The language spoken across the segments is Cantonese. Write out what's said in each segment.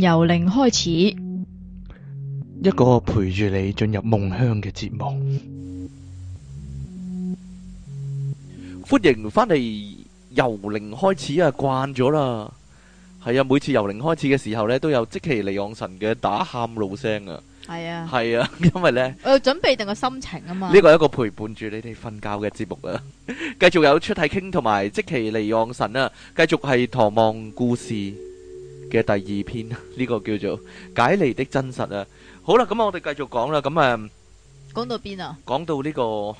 由零開始，一個陪住你進入夢鄉嘅節目。歡迎翻嚟，由零開始啊，慣咗啦。係啊，每次由零開始嘅時候呢，都有即其離岸神嘅打喊露聲啊。係啊，係啊，因為呢，誒，準備定個心情啊嘛。呢個係一個陪伴住你哋瞓覺嘅節目啊。繼 續有出體傾同埋即其離岸神啊，繼續係唐望故事。嘅第二篇呢、呢個叫做解離的真實啊，好啦，咁我哋繼續講啦，咁、嗯、啊，講到邊啊？講到呢個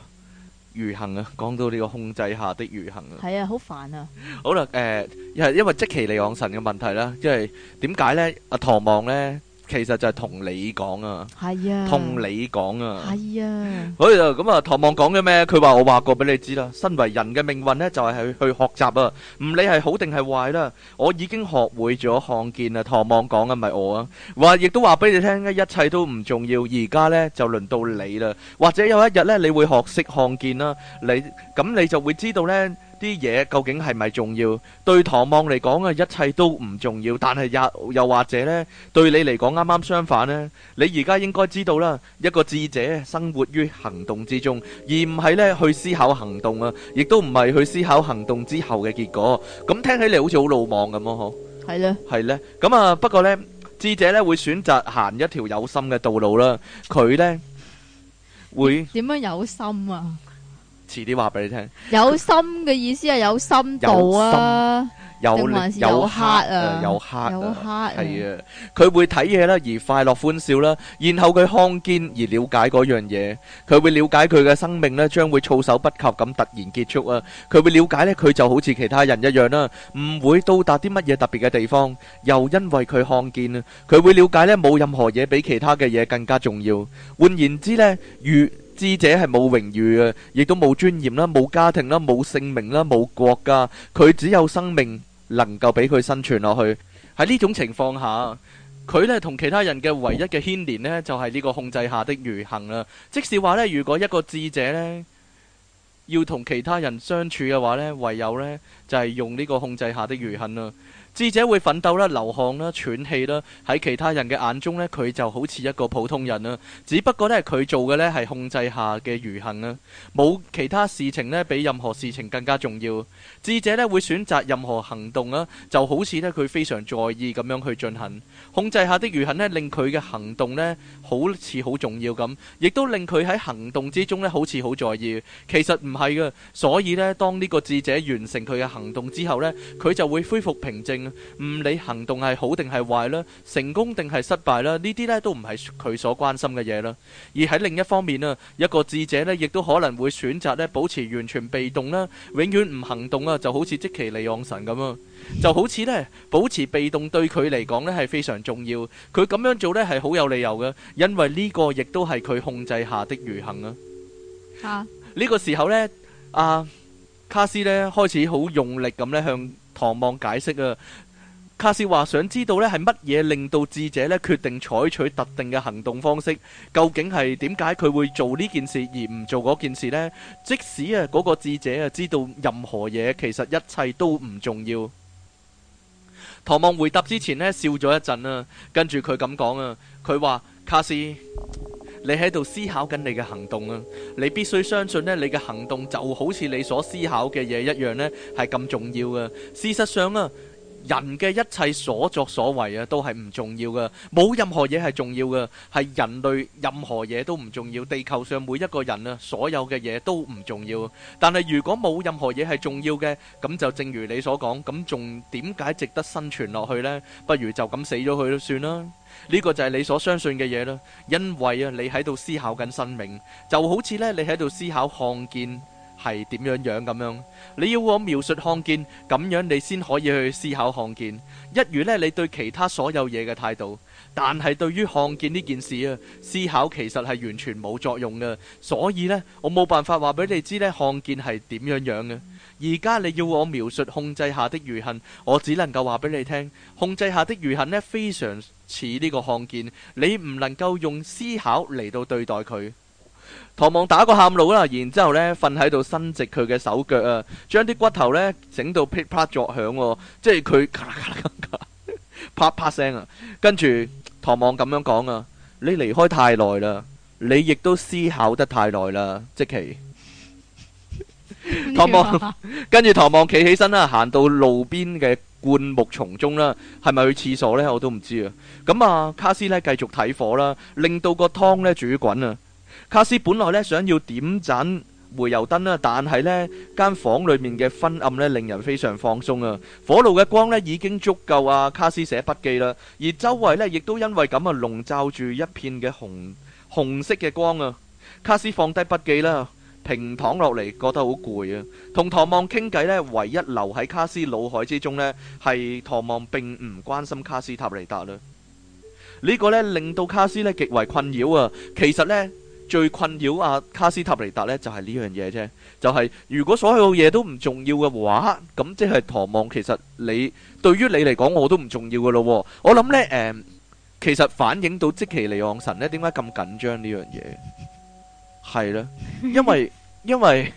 愚行啊，講到呢個控制下的愚行啊，係啊，好煩啊！好啦，誒、呃，因為因為即其嚟往神嘅問題啦，因係點解咧？阿、啊、唐望咧？其實就係同你講啊，係啊，同你講啊，係啊，所以就咁啊，唐望講嘅咩？佢話我話過俾你知啦，身為人嘅命運咧就係去去學習啊，唔理係好定係壞啦，我已經學會咗看見啦。唐望講嘅咪我啊，話亦都話俾你聽咧，一切都唔重要，而家咧就輪到你啦，或者有一日咧你會學識看見啦，你咁你就會知道咧。啲嘢究竟係咪重要？對唐望嚟講啊，一切都唔重要。但係又又或者呢，對你嚟講啱啱相反呢。你而家應該知道啦，一個智者生活於行動之中，而唔係呢去思考行動啊，亦都唔係去思考行動之後嘅結果。咁聽起嚟好似好魯莽咁咯，嗬？係呢，係呢。咁啊，不過呢，智者呢會選擇行一條有心嘅道路啦。佢呢會點樣有心啊？遲啲話俾你聽，有心嘅意思係有深度啊，有有黑啊，有黑啊，係啊，佢會睇嘢啦，而快樂歡笑啦，然後佢看見而了解嗰樣嘢，佢會了解佢嘅生命咧將會措手不及咁突然結束啊，佢會了解咧佢就好似其他人一樣啦，唔會到達啲乜嘢特別嘅地方，又因為佢看見啊，佢會了解咧冇任何嘢比其他嘅嘢更加重要，換言之咧如。智者係冇榮譽嘅，亦都冇尊嚴啦，冇家庭啦，冇姓名啦，冇國家，佢只有生命能夠俾佢生存落去。喺呢種情況下，佢呢同其他人嘅唯一嘅牽連呢，就係、是、呢個控制下的愚行啦。即使話呢，如果一個智者呢，要同其他人相處嘅話呢，唯有呢，就係、是、用呢個控制下的愚行啦。智者會奮鬥啦、流汗啦、喘氣啦，喺其他人嘅眼中咧，佢就好似一個普通人啦。只不過咧，佢做嘅咧係控制下嘅愚行啊，冇其他事情咧比任何事情更加重要。智者咧會選擇任何行動啦，就好似咧佢非常在意咁樣去進行控制下的愚行咧，令佢嘅行動咧好似好重要咁，亦都令佢喺行動之中咧好似好在意。其實唔係嘅，所以咧當呢個智者完成佢嘅行動之後咧，佢就會恢復平靜。唔理行動係好定係壞啦，成功定係失敗啦，呢啲咧都唔係佢所關心嘅嘢啦。而喺另一方面啊，一個智者咧，亦都可能會選擇咧保持完全被動啦，永遠唔行動啊，就好似即其利昂神咁啊，就好似咧保持被動對佢嚟講咧係非常重要。佢咁樣做咧係好有理由嘅，因為呢個亦都係佢控制下的愚行啊。啊，呢個時候咧，阿卡斯咧開始好用力咁咧向。唐望解釋啊，卡斯話想知道呢，係乜嘢令到智者呢決定採取特定嘅行動方式？究竟係點解佢會做呢件事而唔做嗰件事呢？即使啊嗰個智者啊知道任何嘢，其實一切都唔重要。唐望回答之前呢笑咗一陣啊，跟住佢咁講啊，佢話卡斯，你喺度思考緊你嘅行動啊！你必須相信咧，你嘅行動就好似你所思考嘅嘢一樣咧，係咁重要嘅。事實上啊，人嘅一切所作所為啊，都係唔重要嘅。冇任何嘢係重要嘅，係人類任何嘢都唔重要。地球上每一個人啊，所有嘅嘢都唔重要。但係如果冇任何嘢係重要嘅，咁就正如你所講，咁仲點解值得生存落去呢？不如就咁死咗佢都算啦。呢個就係你所相信嘅嘢啦，因為啊，你喺度思考緊生命，就好似咧你喺度思考看見係點樣樣咁樣。你要我描述看見咁樣，你先可以去思考看見。一如咧，你對其他所有嘢嘅態度。但係對於看見呢件事啊，思考其實係完全冇作用嘅，所以呢，我冇辦法話俾你知咧，看見係點樣樣嘅。而家你要我描述控制下的愚行，我只能夠話俾你聽，控制下的愚行呢，非常似呢個看見，你唔能夠用思考嚟到對待佢。唐望打個喊露啦，然之後咧，瞓喺度伸直佢嘅手腳啊，將啲骨頭呢整到噼啪作響，即係佢咔啦咔啦咔啪啪聲啊！跟住唐望咁樣講啊，你離開太耐啦，你亦都思考得太耐啦，即其。唐 望，跟住唐望企起身啦，啊，行到路邊嘅灌木叢中啦，啊，係咪去廁所呢？我都唔知啊。咁啊，卡斯呢繼續睇火啦，啊，令到個湯呢煮滾啊。卡斯本來呢想要點盞。煤油燈啦，但係呢間房間裏面嘅昏暗呢，令人非常放鬆啊！火爐嘅光呢，已經足夠阿、啊、卡斯寫筆記啦，而周圍呢，亦都因為咁啊籠罩住一片嘅紅紅色嘅光啊！卡斯放低筆記啦，平躺落嚟，覺得好攰啊！同唐望傾偈呢，唯一留喺卡斯腦海之中呢，係唐望並唔關心卡斯塔尼達啦，呢、這個呢，令到卡斯呢極為困擾啊！其實呢。最困擾阿卡斯塔尼達呢，就係呢樣嘢啫，就係如果所有嘢都唔重要嘅話，咁即係唐望，其實你對於你嚟講，我都唔重要噶咯。我諗呢，誒、呃，其實反映到即其尼昂神呢，點解咁緊張呢樣嘢？係啦，因為。 因為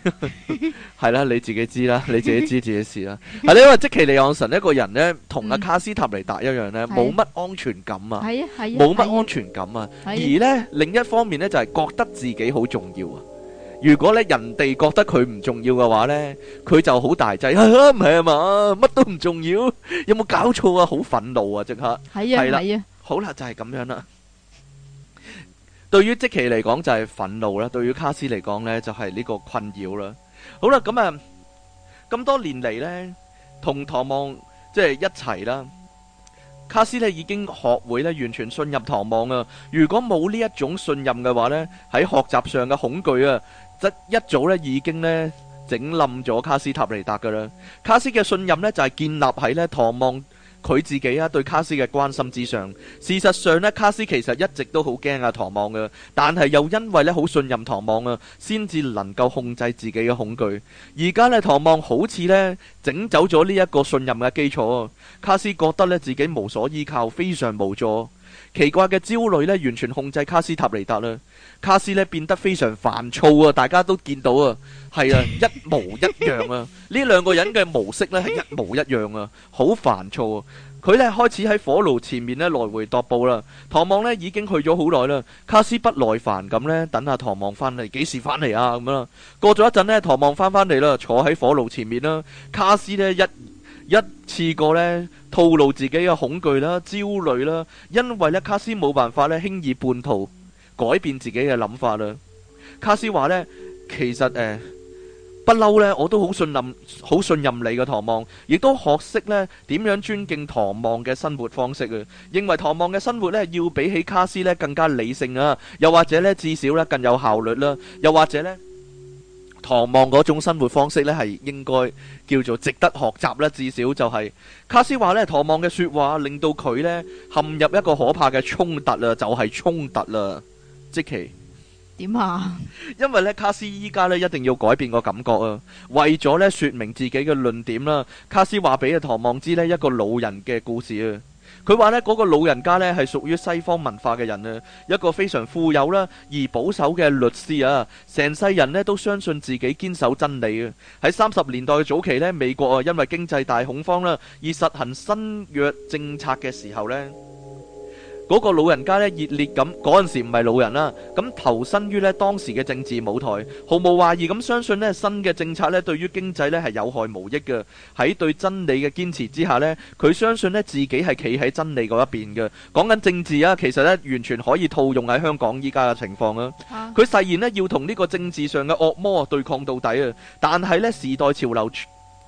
係啦， 你自己知啦， 你自己知自己事啦。啊， 係因為即奇利昂神一個人呢，同阿卡斯塔尼達一樣呢，冇乜、嗯、安全感啊，冇乜安全感啊。而呢，另一方面呢，就係、是、覺得自己好重要啊。如果咧人哋覺得佢唔重要嘅話呢，佢就好大劑啊，唔係啊嘛，乜都唔重要。有冇搞錯啊？好憤怒啊！即刻係啊，係啦，好啦，就係、是、咁樣啦。對於積奇嚟講就係憤怒啦，對於卡斯嚟講呢就係呢個困擾啦。好啦，咁啊咁多年嚟呢，同唐望即係一齊啦，卡斯呢已經學會咧完全信任唐望啊。如果冇呢一種信任嘅話呢，喺學習上嘅恐懼啊，則一早咧已經呢整冧咗卡斯塔尼達噶啦。卡斯嘅信任呢，就係、是、建立喺呢唐望，佢自己啊，對卡斯嘅關心之上，事實上咧，卡斯其實一直都好驚啊，唐望嘅，但係又因為咧好信任唐望啊，先至能夠控制自己嘅恐懼。而家呢，唐望好似咧整走咗呢一個信任嘅基礎，卡斯覺得咧自己無所依靠，非常無助。奇怪嘅焦慮呢，完全控制卡斯塔尼達啦。卡斯呢，變得非常煩躁啊！大家都見到啊，係啊，一模一樣啊。呢兩 個人嘅模式呢，係一模一樣啊，好煩躁啊！佢呢，開始喺火爐前面呢，來回踱步啦。唐望呢，已經去咗好耐啦。卡斯不耐煩咁呢，等下唐望返嚟，幾時返嚟啊？咁樣啦。過咗一陣呢，唐望翻返嚟啦，坐喺火爐前面啦。卡斯呢，一。一次過咧，透露自己嘅恐懼啦、焦慮啦，因為咧卡斯冇辦法咧輕易半途改變自己嘅諗法啦。卡斯話呢，其實誒，不、呃、嬲呢，我都好信任、好信任你嘅唐望，亦都學識咧點樣尊敬唐望嘅生活方式啊。認為唐望嘅生活咧，要比起卡斯咧更加理性啊，又或者咧，至少咧更有效率啦，又或者咧。唐望嗰種生活方式呢，係應該叫做值得學習咧。至少就係、是、卡斯話呢，唐望嘅説話令到佢呢陷入一個可怕嘅衝突啦、啊，就係、是、衝突啦，積奇。點啊？因為呢，卡斯依家呢一定要改變個感覺啊。為咗呢説明自己嘅論點啦、啊，卡斯話俾阿唐望知呢一個老人嘅故事啊。佢話呢嗰個老人家呢係屬於西方文化嘅人啊，一個非常富有啦而保守嘅律師啊，成世人呢都相信自己堅守真理啊。喺三十年代早期呢，美國啊因為經濟大恐慌啦而實行新約政策嘅時候呢。嗰個老人家咧熱烈咁，嗰陣時唔係老人啦，咁投身於咧當時嘅政治舞台，毫無懷疑咁相信咧新嘅政策咧對於經濟咧係有害無益嘅。喺對真理嘅堅持之下咧，佢相信咧自己係企喺真理嗰一邊嘅。講緊政治啊，其實咧完全可以套用喺香港依家嘅情況啦。佢誓言咧要同呢個政治上嘅惡魔對抗到底啊！但係咧時代潮流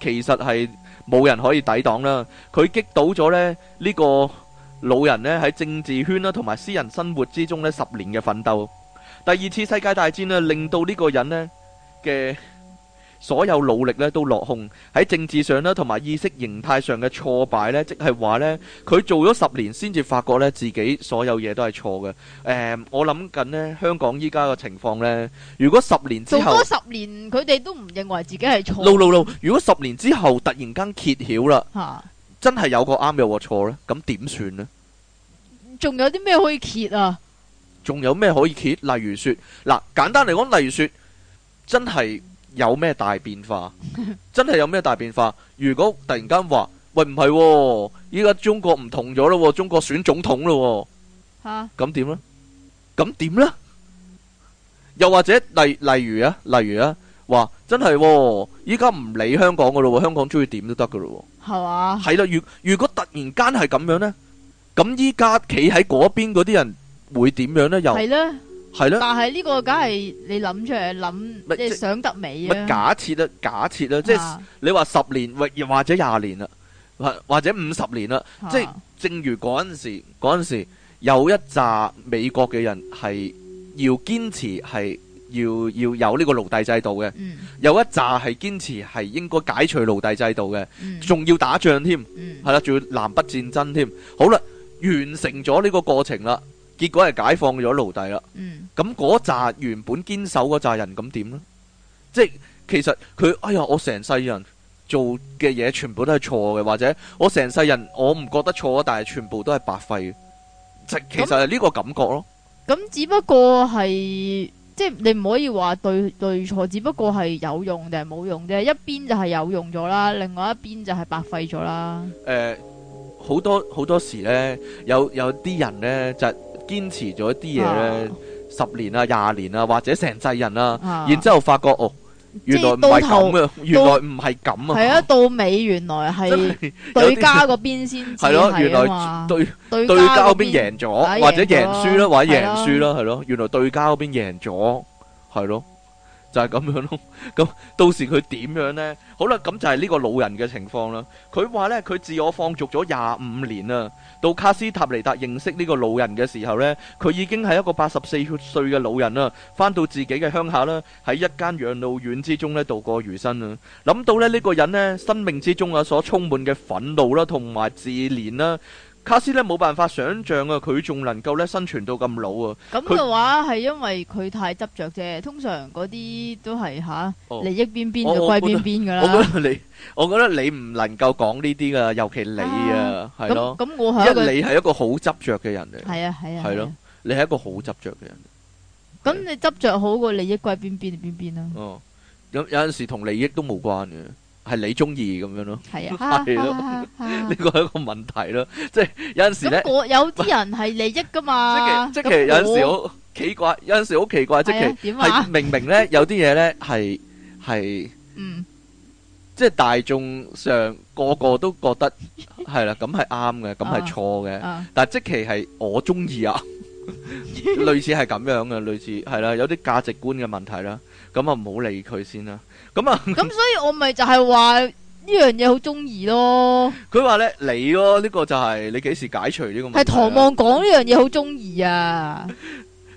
其實係冇人可以抵擋啦。佢擊倒咗咧呢個。老人咧喺政治圈啦，同埋私人生活之中咧十年嘅奮鬥。第二次世界大戰咧，令到呢個人咧嘅所有努力咧都落空。喺政治上啦，同埋意識形態上嘅挫敗咧，即係話咧佢做咗十年先至發覺咧自己所有嘢都係錯嘅。誒，我諗緊咧香港依家嘅情況咧，如果十年之後，做多十年佢哋都唔認為自己係錯。No no no，如果十年之後突然間揭曉啦。真係有個啱有個錯咧，咁點算咧？仲有啲咩可以揭啊？仲有咩可以揭？例如說，嗱，簡單嚟講，例如說，真係有咩大變化？ 真係有咩大變化？如果突然間話喂唔係，依家、喎、中國唔同咗啦、喎，中國選總統啦、喎，吓，咁點呢？」咁點呢？又或者例例如啊，例如啊？話真係依家唔理香港噶咯，香港中意點都得噶咯，係嘛吧？係啦，如果如果突然間係咁樣呢，咁依家企喺嗰邊嗰啲人會點樣呢？又係咧，係咧的。的但係呢個梗係你諗出嚟諗，嗯、想即你想得美啦。假設啦，假設啦，即係你話十年或者廿年啦，或或者五十年啦，的即係正如嗰陣時嗰陣時有一紮美國嘅人係要堅持係。要要有呢個奴隸制度嘅，嗯、有一扎係堅持係應該解除奴隸制度嘅，仲、嗯、要打仗添，係啦、嗯，仲要南北戰爭添。好啦，完成咗呢個過程啦，結果係解放咗奴隸啦。咁嗰扎原本堅守嗰扎人，咁點呢？即其實佢，哎呀，我成世人做嘅嘢全部都係錯嘅，或者我成世人我唔覺得錯，但係全部都係白費。其實係呢個感覺咯。咁、嗯嗯嗯、只不過係。即係你唔可以話對對錯，只不過係有用定係冇用啫。一邊就係有用咗啦，另外一邊就係白費咗啦。誒、嗯，呃、好多好多時咧，有有啲人咧就堅持咗啲嘢咧，啊、十年啊、廿年啊，或者成世人啦、啊，啊、然之後發覺哦。原來唔係到原來唔係咁啊！係啊到，到尾原來係對家嗰邊先係咯！原來對對家嗰邊贏咗，或者贏輸啦，或者贏輸啦，係咯的的！原來對家嗰邊贏咗，係咯。就咁樣咯，咁 到時佢點樣呢？好啦，咁就係呢個老人嘅情況啦。佢話呢，佢自我放逐咗廿五年啦。到卡斯塔尼達認識呢個老人嘅時候呢，佢已經係一個八十四歲嘅老人啦。翻到自己嘅鄉下啦，喺一間養老院之中呢度過餘生啊。諗到咧呢個人呢，生命之中啊所充滿嘅憤怒啦，同埋自憐啦。卡斯咧冇辦法想象啊，佢仲能夠咧生存到咁老啊！咁嘅話係因為佢太執着啫。通常嗰啲都係吓利益邊邊就歸邊邊噶啦。我覺得你，我覺得你唔能夠講呢啲噶，尤其你啊，係咯。一個你係一個好執着嘅人嚟。係啊係啊。係咯，你係一個好執着嘅人。咁你執着好過利益歸邊邊定邊邊啦？哦，有有陣時同利益都冇關嘅。係你中意咁樣咯，係啊，呢個係一個問題咯。即係有陣時咧，有啲人係利益噶嘛。即係即係有陣時好奇怪，有陣時好奇怪，即係係明明咧有啲嘢咧係係，嗯，即係大眾上個個都覺得係啦，咁係啱嘅，咁係錯嘅。但係即係係我中意啊，類似係咁樣嘅，類似係啦，有啲價值觀嘅問題啦。咁啊，唔好理佢先啦。咁啊！咁所以我咪就係話呢樣嘢好中意咯。佢話咧你咯，呢、呢個就係你幾時解除呢個問題？係唐望講呢樣嘢好中意啊！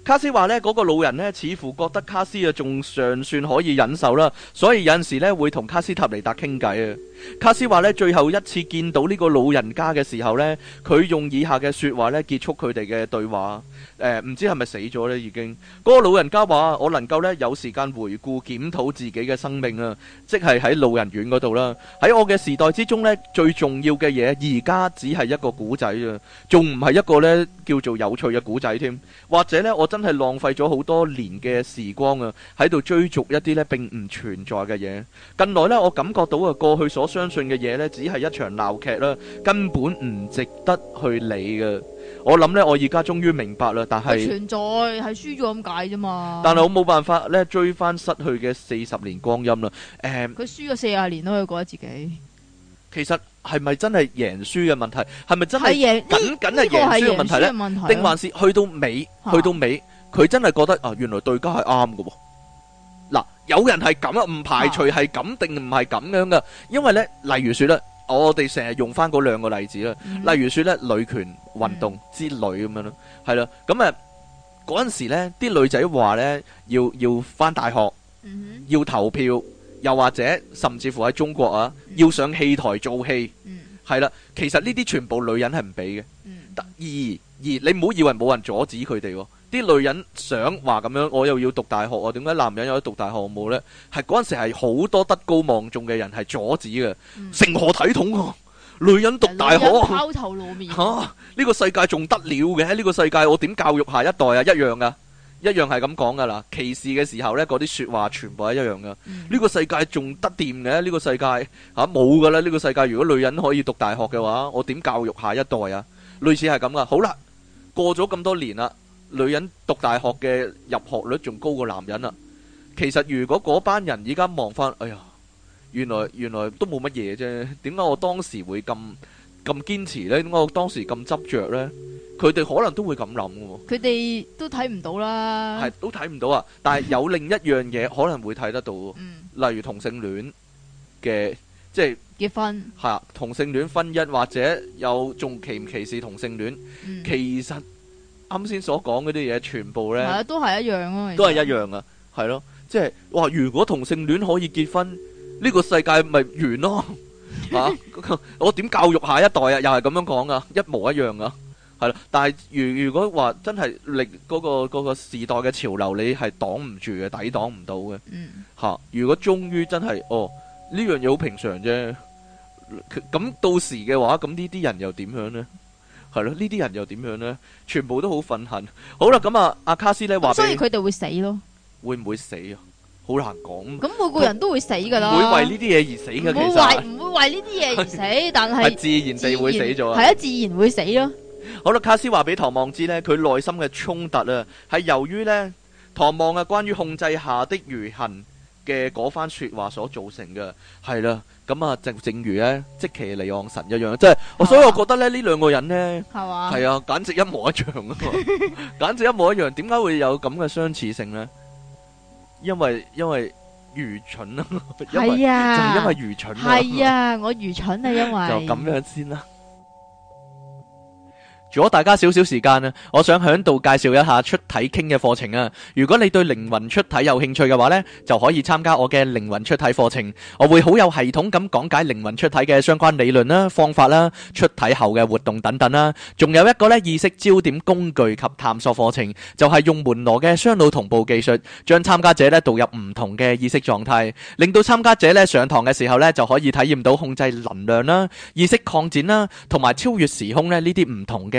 卡斯話呢嗰個老人呢，似乎覺得卡斯啊，仲尚算可以忍受啦，所以有陣時呢會同卡斯塔尼達傾偈啊。卡斯話呢，最後一次見到呢個老人家嘅時候呢，佢用以下嘅說話呢結束佢哋嘅對話。誒、呃，唔知係咪死咗呢？已經嗰、嗰個老人家話：我能夠呢，有時間回顧檢討自己嘅生命啊，即係喺老人院嗰度啦。喺我嘅時代之中呢，最重要嘅嘢而家只係一個古仔啊，仲唔係一個呢叫做有趣嘅古仔添？或者呢，我真。真係浪費咗好多年嘅時光啊！喺度追逐一啲呢並唔存在嘅嘢。近來呢，我感覺到啊，過去所相信嘅嘢呢，只係一場鬧劇啦，根本唔值得去理嘅。我諗呢，我而家終於明白啦。但係存在係輸咗咁解啫嘛。但係我冇辦法呢追翻失去嘅四十年光陰啦。誒，佢輸咗四十年都，佢覺得自己。其實係咪真係贏輸嘅問題？係咪真係贏？緊緊係贏輸嘅問題呢？定還是去到尾？去到尾？佢真係覺得啊，原來對家係啱嘅喎。嗱，有人係咁啊，唔排除係咁定唔係咁樣嘅。因為呢，例如說咧，我哋成日用翻嗰兩個例子啦。例如說咧，女權運動之類咁樣咯，係啦。咁啊，嗰陣時咧，啲女仔話呢，要要翻大學，要投票，又或者甚至乎喺中國啊，要上戲台做戲，係啦。其實呢啲全部女人係唔俾嘅，而而你唔好以為冇人阻止佢哋。啲女人想話咁樣，我又要讀大學啊。點解男人有得讀大學冇呢？係嗰陣時係好多德高望重嘅人係阻止嘅，嗯、成何體統啊？女人讀大學，拋頭露面啊，呢個世界仲得了嘅？呢個世界我點教育下一代啊？一樣噶，一樣係咁講噶啦。歧視嘅時候呢，嗰啲說話全部係一樣噶。嗯、呢個世界仲得掂嘅？呢個世界吓冇噶啦。啊、呢個世界如果女人可以讀大學嘅話，嗯、我點教育下一代啊？類似係咁噶。好啦，過咗咁多年啦。女人讀大學嘅入學率仲高過男人啊。其實如果嗰班人而家望翻，哎呀，原來原來都冇乜嘢啫。點解我當時會咁咁堅持呢？點解我當時咁執着呢？佢哋可能都會咁諗嘅。佢哋都睇唔到啦。係都睇唔到啊！到 到但係有另一樣嘢可能會睇得到。 例如同性戀嘅即係結婚係啊，同性戀婚姻或者有仲歧唔歧視同性戀？嗯。其實。啱先所講嗰啲嘢，全部呢，都係一樣咯，都係一樣噶，係咯，即係哇！如果同性戀可以結婚，呢個世界咪完咯嚇？我點教育下一代啊？又係咁樣講啊，一模一樣啊。係啦。但係如如果話真係逆嗰個嗰個時代嘅潮流，你係擋唔住嘅，抵擋唔到嘅。嗯、啊，如果終於真係哦，呢樣嘢好平常啫，咁到時嘅話，咁呢啲人又點樣呢？係咯，呢啲人又點樣咧？全部都好憤恨。好啦，咁啊，阿、啊、卡斯咧話，那所以佢哋會死咯。會唔會死啊？好難講。咁每個人都會死噶啦。會為呢啲嘢而死噶，會為其實。唔唔會為呢啲嘢而死， 但係是自然地會死咗。係啊，自然會死咯。好啦，卡斯話俾唐望知咧，佢內心嘅衝突啊，係由於咧唐望啊，關於控制下的愚行。嘅嗰番説話所造成嘅係啦，咁啊正正如咧，即騎尼望神一樣，即係我，所以我覺得咧呢兩個人咧係啊，簡直一模一樣啊，簡直一模一樣，點解會有咁嘅相似性咧？因為因為愚蠢啊，係啊，就係因為愚蠢，係啊，我愚蠢啊，因為就咁樣先啦。如果大家少少時間啊，我想喺度介紹一下出體傾嘅課程啊。如果你對靈魂出體有興趣嘅話咧，就可以參加我嘅靈魂出體課程。我會好有系統咁講解靈魂出體嘅相關理論啦、方法啦、出體後嘅活動等等啦。仲有一個咧意識焦點工具及探索課程，就係用門羅嘅雙腦同步技術，將參加者咧導入唔同嘅意識狀態，令到參加者咧上堂嘅時候咧就可以體驗到控制能量啦、意識擴展啦，同埋超越時空咧呢啲唔同嘅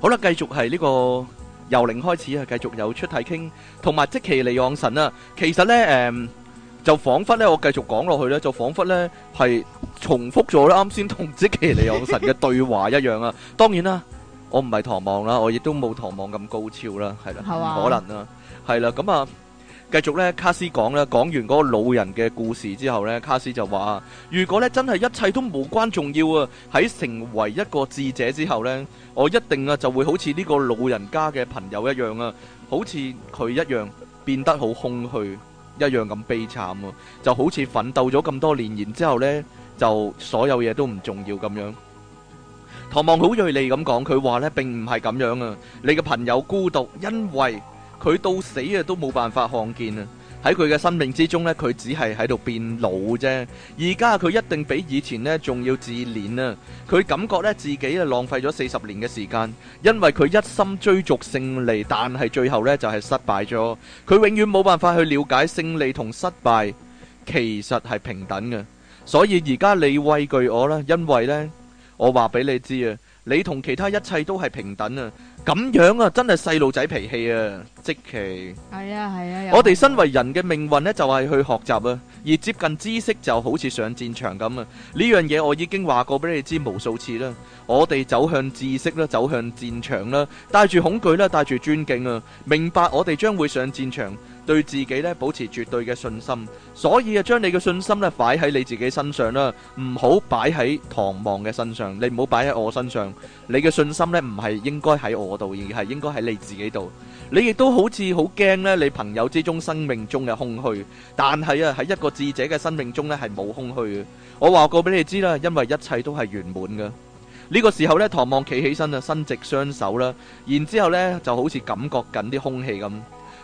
好啦，繼續係呢個由零開始啊，繼續有出題傾，同埋即其嚟仰神啊。其實咧，誒就彷彿咧，我繼續講落去咧，就彷彿咧係重複咗咧啱先同即其嚟仰神嘅對話一樣啊。當然啦，我唔係唐望啦，我亦都冇唐望咁高超啦，係啦，可能啦，係啦，咁啊。繼續咧，卡斯講咧，講完嗰個老人嘅故事之後咧，卡斯就話啊，如果咧真係一切都無關重要啊，喺成為一個智者之後咧，我一定啊就會好似呢個老人家嘅朋友一樣啊，好似佢一樣變得好空虛，一樣咁悲慘啊，就好似奮鬥咗咁多年，然之後咧就所有嘢都唔重要咁樣。唐望好銳利咁講，佢話咧並唔係咁樣啊，你嘅朋友孤獨，因為。佢到死啊都冇辦法看見啊！喺佢嘅生命之中咧，佢只係喺度變老啫。而家佢一定比以前咧仲要自戀啊！佢感覺咧自己啊浪費咗四十年嘅時間，因為佢一心追逐勝利，但係最後咧就係失敗咗。佢永遠冇辦法去了解勝利同失敗其實係平等嘅。所以而家你畏懼我啦，因為咧我話俾你知啊！你同其他一切都係平等啊！咁樣啊，真係細路仔脾氣啊！即奇。我哋身為人嘅命運呢，就係去學習啊，而接近知識就好似上戰場咁啊！呢樣嘢我已經話過俾你知無數次啦。我哋走向知識啦，走向戰場啦，帶住恐懼啦，帶住尊敬啊，明白我哋將會上戰場。對自己咧保持絕對嘅信心，所以啊，將你嘅信心咧擺喺你自己身上啦，唔好擺喺唐望嘅身上，你唔好擺喺我身上。你嘅信心咧唔係應該喺我度，而係應該喺你自己度。你亦都好似好驚咧，你朋友之中生命中嘅空虛，但係啊，喺一個智者嘅生命中咧係冇空虛嘅。我話過俾你知啦，因為一切都係圓滿噶。呢個時候咧，唐望企起身啦，伸直雙手啦，然之後咧就好似感覺緊啲空氣咁。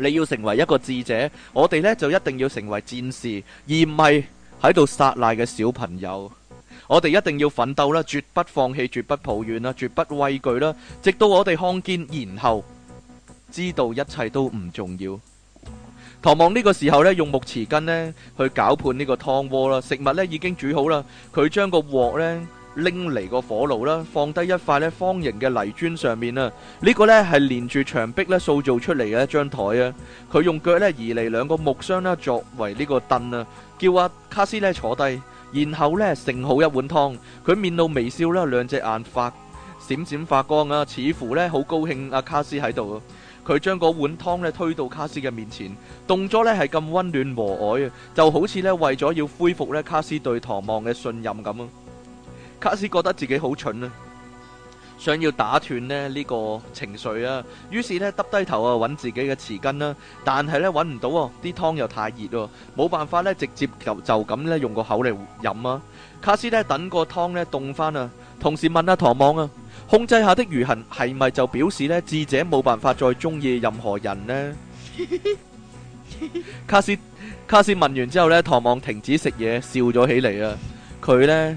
你要成為一個智者，我哋呢就一定要成為戰士，而唔係喺度殺賴嘅小朋友。我哋一定要奮鬥啦，絕不放棄，絕不抱怨啦，絕不畏懼啦，直到我哋看見，然後知道一切都唔重要。唐望呢個時候呢，用木匙羹呢去攪拌呢個湯鍋啦，食物呢已經煮好啦，佢將個鑊呢。拎嚟個火爐啦，放低一塊咧方形嘅泥磚上面啦。呢個咧係連住牆壁咧塑造出嚟嘅一張台啊。佢用腳咧移嚟兩個木箱咧作為呢個凳啊，叫阿卡斯咧坐低。然後咧盛好一碗湯，佢面露微笑啦，兩隻眼發閃閃發光啊，似乎咧好高興阿卡斯喺度。佢將嗰碗湯咧推到卡斯嘅面前，動作咧係咁溫暖和藹啊，就好似咧為咗要恢復咧卡斯對唐望嘅信任咁啊。卡斯覺得自己好蠢啊，想要打斷咧呢個情緒啊，於是咧耷低頭啊揾自己嘅匙羹啦，但係咧揾唔到，啲湯又太熱喎，冇辦法咧直接就就咁咧用個口嚟飲啊。卡斯咧等個湯咧凍返啊，同時問下唐望啊，控制下的愚行係咪就表示咧智者冇辦法再鍾意任何人呢？卡斯卡斯問完之後咧，唐望停止食嘢，笑咗起嚟啊，佢咧。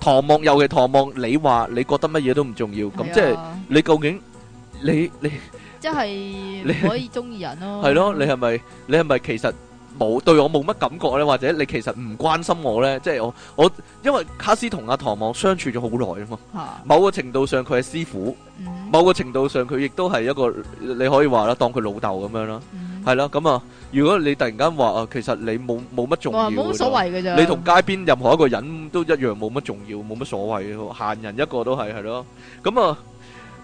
唐望，尤其唐望，你話你覺得乜嘢都唔重要，咁、啊、即係你究竟你你，你即係你可以中意人咯，係咯、 啊？你係咪你係咪其實？冇，對我冇乜感覺咧？或者你其實唔關心我呢？即係我我因為卡斯同阿唐望相處咗好耐啊嘛，某個程度上佢係師傅，嗯、某個程度上佢亦都係一個你可以話啦，當佢老豆咁樣咯，係咯咁啊，如果你突然間話啊，其實你冇冇乜重要，冇所謂嘅，你同街邊任何一個人都一樣冇乜重要，冇乜所謂嘅，閒人一個都係，係咯，咁啊，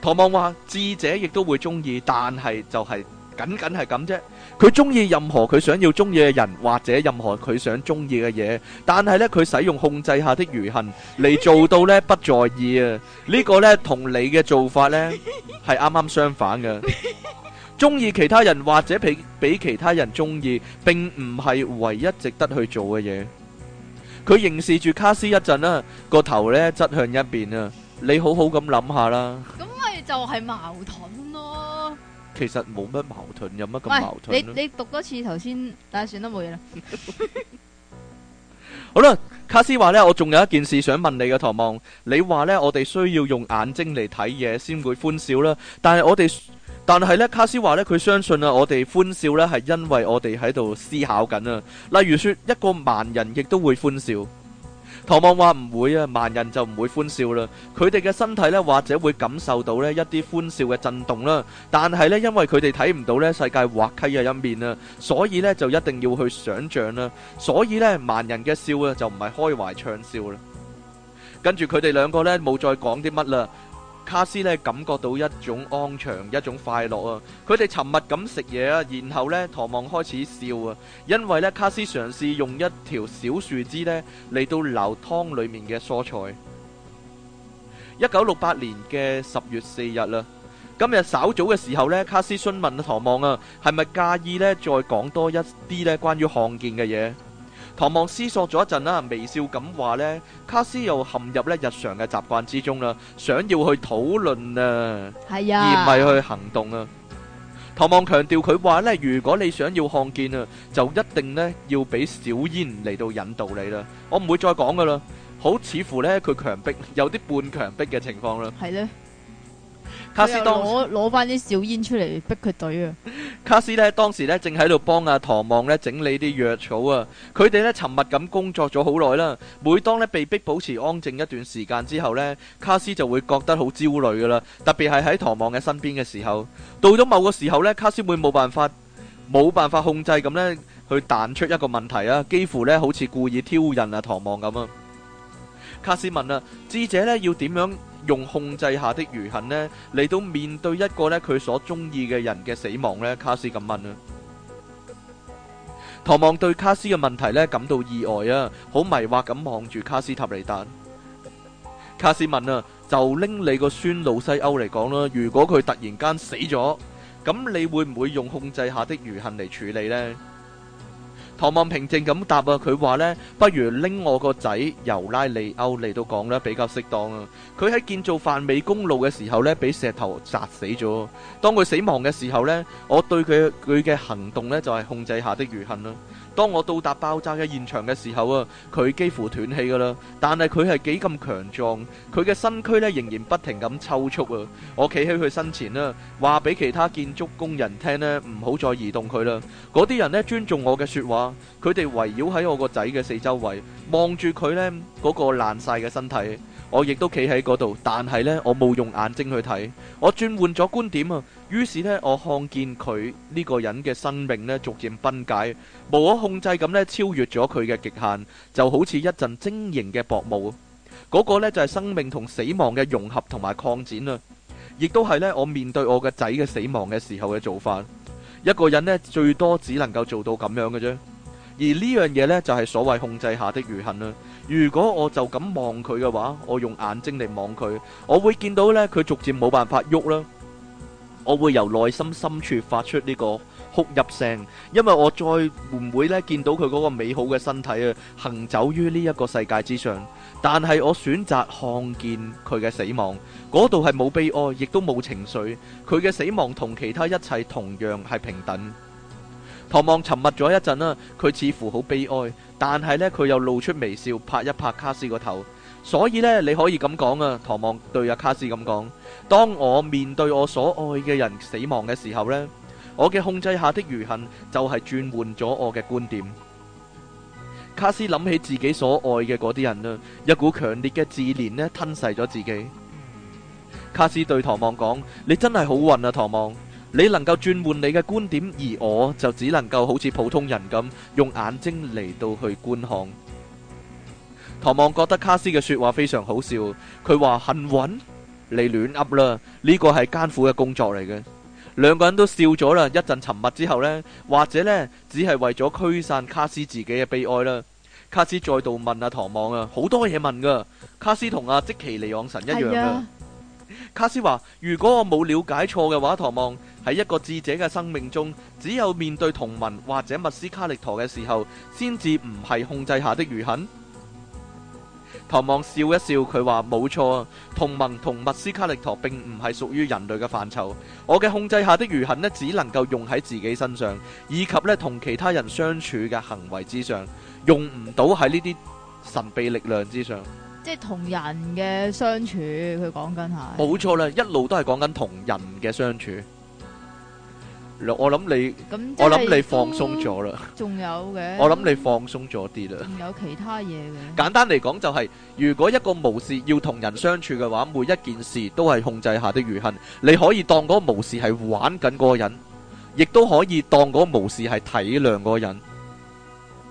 唐望話智者亦都會中意，但係就係、是。僅僅係咁啫，佢中意任何佢想要中意嘅人或者任何佢想中意嘅嘢，但係咧佢使用控制下的愚行嚟做到咧不在意啊！呢個咧同你嘅做法咧係啱啱相反嘅。中意其他人或者比比其他人中意，並唔係唯一值得去做嘅嘢。佢凝視住卡斯一陣啦，個頭咧側向一邊啊！你好好咁諗下啦。咁咪就係矛盾咯。其實冇乜矛盾，有乜咁矛盾呢？喂，你你讀次頭先，但係算都冇嘢啦。 好啦，卡斯話呢，我仲有一件事想問你嘅，唐望，你話呢，我哋需要用眼睛嚟睇嘢先會歡笑啦。但係我哋，但係呢，卡斯話呢，佢相信啊，我哋歡笑呢係因為我哋喺度思考緊啊。例如說，一個盲人亦都會歡笑。唐望話唔會啊，盲人就唔會歡笑啦。佢哋嘅身體呢，或者會感受到呢一啲歡笑嘅震動啦。但係呢，因為佢哋睇唔到呢世界滑稽嘅一面啦，所以呢就一定要去想象啦。所以呢，盲人嘅笑呢就唔係開懷暢笑啦。跟住佢哋兩個呢，冇再講啲乜啦。卡斯呢感覺到一種安詳，一種快樂啊。佢哋沉默咁食嘢啊，然後呢唐望開始笑啊。因為呢，卡斯嘗試用一條小樹枝呢嚟到撈湯裏面嘅蔬菜。一九六八年嘅十月四日啦，今日稍早嘅時候呢，卡斯詢問唐望啊，係咪介意呢，再講多一啲呢關於看見嘅嘢。唐望思索咗一陣啦，微笑咁話咧：卡斯又陷入咧日常嘅習慣之中啦，想要去討論啊，係啊，而唔係去行動啊。唐望強調佢話咧：如果你想要看見啊，就一定咧要俾小煙嚟到引導你啦。我唔會再講噶啦，好似乎咧佢強逼，有啲半強逼嘅情況啦。係咧。卡斯當我攞翻啲小煙出嚟，逼佢懟啊！卡斯呢當時呢正喺度幫阿唐望呢整理啲藥草啊！佢哋呢，沉默咁工作咗好耐啦。每當呢被逼保持安靜一段時間之後呢，卡斯就會覺得好焦慮噶啦。特別係喺唐望嘅身邊嘅時候，到咗某個時候呢，卡斯會冇辦法冇辦法控制咁呢，去彈出一個問題啊！幾乎呢好似故意挑釁阿唐望咁啊！卡斯問啊，智者呢，要點樣？用控制下的愚行咧嚟到面對一個咧佢所中意嘅人嘅死亡咧，卡斯咁問啦。唐望對卡斯嘅問題咧感到意外啊，好迷惑咁望住卡斯塔尼達。卡斯問啊，就拎你個孫路西歐嚟講啦，如果佢突然間死咗，咁你會唔會用控制下的愚行嚟處理咧？唐望平靜咁答啊，佢話咧，不如拎我個仔尤拉利歐嚟到講咧比較適當啊。佢喺建造泛美公路嘅時候咧，俾石頭砸死咗。當佢死亡嘅時候咧，我對佢佢嘅行動咧就係控制下的餘恨啦。當我到達爆炸嘅現場嘅時候啊，佢幾乎斷氣噶啦。但係佢係幾咁強壯，佢嘅身軀咧仍然不停咁抽搐啊。我企喺佢身前啦，話俾其他建築工人聽咧，唔好再移動佢啦。嗰啲人咧尊重我嘅說話。佢哋圍繞喺我個仔嘅四周圍，望住佢呢嗰個爛晒嘅身體，我亦都企喺嗰度，但係呢，我冇用眼睛去睇，我轉換咗觀點啊，於是呢，我看見佢呢個人嘅生命呢，逐漸崩解，無可控制咁呢，超越咗佢嘅極限，就好似一陣晶瑩嘅薄霧，嗰個呢，就係生命同死亡嘅融合同埋擴展啊，亦都係呢，我面對我嘅仔嘅死亡嘅時候嘅做法，一個人呢，最多只能夠做到咁樣嘅啫。而呢樣嘢呢，就係、是、所謂控制下的愚行啦。如果我就咁望佢嘅話，我用眼睛嚟望佢，我會見到呢，佢逐漸冇辦法喐啦。我會由內心深處發出呢個哭泣聲，因為我再唔會，會呢，見到佢嗰個美好嘅身體啊，行走於呢一個世界之上。但係我選擇看見佢嘅死亡，嗰度係冇悲哀，亦都冇情緒。佢嘅死亡同其他一切同樣係平等。唐望沉默咗一陣啦，佢似乎好悲哀，但係呢，佢又露出微笑，拍一拍卡斯個頭。所以呢，你可以咁講啊，唐望對阿、啊、卡斯咁講：，當我面對我所愛嘅人死亡嘅時候呢，我嘅控制下的愚行就係轉換咗我嘅觀點。卡斯諗起自己所愛嘅嗰啲人啦，一股強烈嘅自憐呢吞噬咗自己。卡斯對唐望講：，你真係好運啊，唐望。你能夠轉換你嘅觀點，而我就只能夠好似普通人咁用眼睛嚟到去觀看。唐望覺得卡斯嘅説話非常好笑，佢話幸運，你亂噏啦，呢個係艱苦嘅工作嚟嘅。兩個人都笑咗啦，一陣沉默之後呢，或者呢，只係為咗驅散卡斯自己嘅悲哀啦。卡斯再度問啊，唐望啊，好多嘢問噶。卡斯同阿即奇尼昂神一樣。卡斯話：如果我冇了解錯嘅話，唐望，喺一個智者嘅生命中，只有面對同盟或者密斯卡力陀嘅時候，先至唔係控制下的愚行。唐望笑一笑，佢話冇錯，同盟同密斯卡力陀並唔係屬於人類嘅範疇。我嘅控制下的愚行呢，只能夠用喺自己身上，以及呢，同其他人相處嘅行為之上，用唔到喺呢啲神秘力量之上。即係同人嘅相處，佢講緊係冇錯啦，一路都係講緊同人嘅相處。我我諗你，我諗你放鬆咗啦，仲有嘅，我諗你放鬆咗啲啦，仲有其他嘢嘅。簡單嚟講就係，如果一個無事要同人相處嘅話，每一件事都係控制下的愚行。你可以當嗰個無事係玩緊嗰個人，亦都可以當嗰個無事係體諒嗰個人。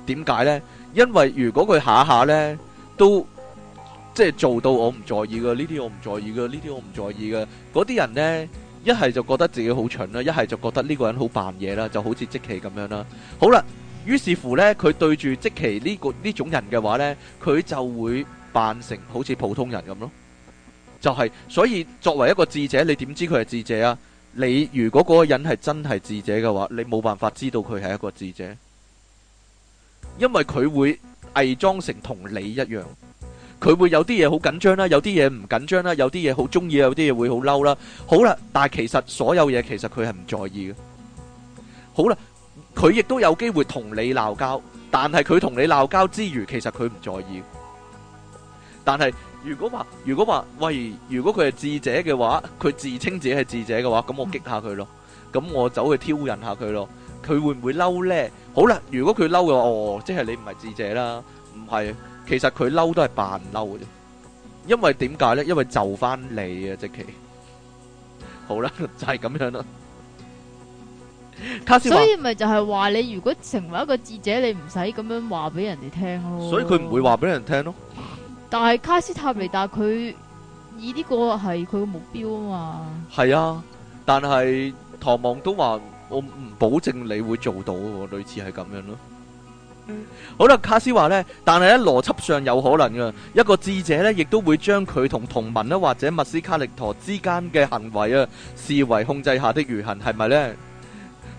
點解呢？因為如果佢下下呢都。即係做到我唔在意㗎，呢啲我唔在意㗎，呢啲我唔在意㗎。嗰啲人呢，一係就覺得自己好蠢啦，一係就覺得呢個人好扮嘢啦，就好似即其咁樣啦。好啦，於是乎呢，佢對住即其呢個呢種人嘅話呢，佢就會扮成好似普通人咁咯。就係、是、所以，作為一個智者，你點知佢係智者啊？你如果嗰個人係真係智者嘅話，你冇辦法知道佢係一個智者，因為佢會偽裝成同你一樣。佢會有啲嘢好緊張啦，有啲嘢唔緊張啦，有啲嘢好鍾意，有啲嘢會好嬲啦。好啦，但係其實所有嘢其實佢係唔在意嘅。好啦，佢亦都有機會同你鬧交，但係佢同你鬧交之餘，其實佢唔在意。但係如果話，如果話喂，如果佢係智者嘅話，佢自稱自己係智者嘅話，咁我激下佢咯，咁我走去挑釁下佢咯，佢會唔會嬲呢？好啦，如果佢嬲嘅話，哦，即係你唔係智者啦，唔係。其實佢嬲都係扮嬲嘅啫，因為點解咧？因為就翻你啊，即其好啦，就係咁樣啦。所以咪就係話你如果成為一個智者，你唔使咁樣話俾人哋聽咯。所以佢唔會話俾人聽咯。但係卡斯塔尼達，但係佢以呢個係佢個目標啊嘛。係啊，但係唐望都話我唔保證你會做到，類似係咁樣咯。好啦，卡斯話呢，但係喺邏輯上有可能噶、啊，一個智者呢，亦都會將佢同同文啦、啊、或者密斯卡力陀之間嘅行為啊，視為控制下的愚行，係咪呢？